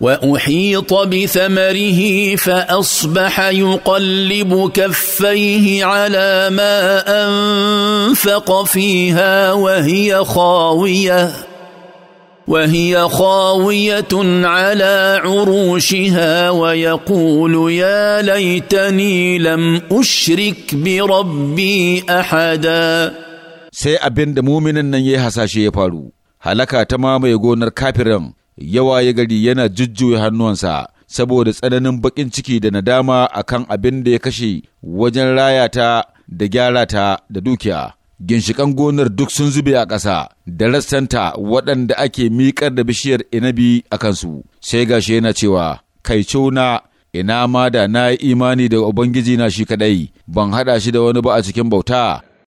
واحيط بثمره فاصبح يقلب كفيه على ما انفق فيها وهي خاويه وهي خاويه على عروشها ويقول يا ليتني لم اشرك بربي احدا sai abin da muminin nan هلكا تمام يقول faru Yawa ya gari yana jujjuya hannuwansa saboda tsananin baƙin ciki da nadama a kan abin da ya kashe wajen raya ta da gyara ta da dukiya. Ginshikan gonar duk sun zube a ƙasa da rassanta waɗanda ake miƙar da bishiyar inabi a kansu, sai gashi yana cewa, Kai na ina ma da na yi imani da Ubangiji na shi kaɗai, ban haɗa shi da wani ba a cikin bauta.